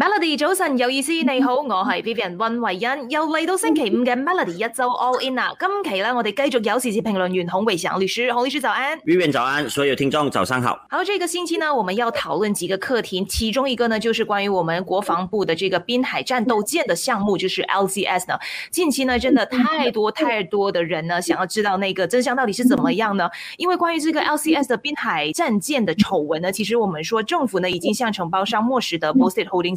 Melody，早晨，有意思，你好，我係 Vivian 溫維恩，又嚟到星期五嘅 Melody 一周 All In 啦。今期呢，我哋繼續有時事評論員洪偉祥洪律師，洪律師早安。玉燕早安，所有聽眾早上好。好，呢、這個星期呢，我們要討論幾個課題，其中一個呢，就是關於我們國防部的這個濱海戰鬥艦的項目，就是 LCS 呢。近期呢，真的太多太多的人呢，想要知道那個真相到底是怎麼樣呢？因為關於這個 LCS 的濱海戰艦的醜聞呢，其實我們說政府呢，已經向承包商莫實得 （Boustead Holding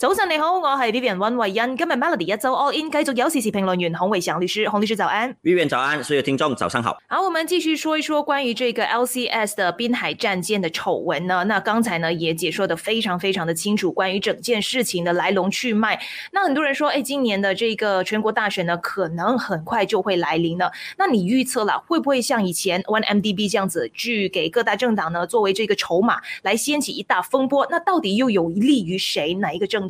早晨你好，我係 Vivian 溫慧欣，今日 Melody 一周 All In 繼續有時事評論員洪偉祥律師，洪律師早安。Vivian 早安，所有聽眾早上好。好，我們繼續說一說關於這個 LCS 的濱海戰艦的醜聞呢。那剛才呢也解說的非常非常的清楚，關於整件事情的來龍去脈。那很多人說，誒，今年的這個全國大選呢，可能很快就會來臨了。那你預測啦，會不會像以前 One MDB 這樣子，去給各大政黨呢作為這個籌碼，來掀起一大風波？那到底又有利於誰？哪一個政黨？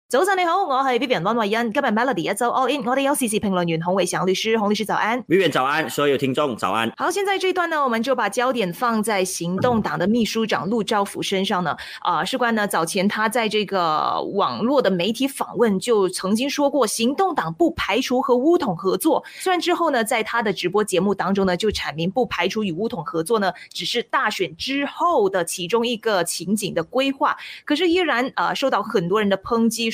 早上你好，我係 Vivian 温慧欣，今日 Melody 一周 all in，我哋有時事評論員洪偉祥律師，洪律師早安 Vivian 早安，所有聽眾早安。好，現在這一段呢，我們就把焦點放在行動黨的秘書長陸兆福身上呢。啊，事關呢早前他在這個網絡的媒體訪問就曾經說過，行動黨不排除和巫統合作，雖然之後呢，在他的直播節目當中呢就闡明不排除與巫統合作呢，只是大選之後的其中一個情景的規劃，可是依然啊、呃、受到很多人的抨擊，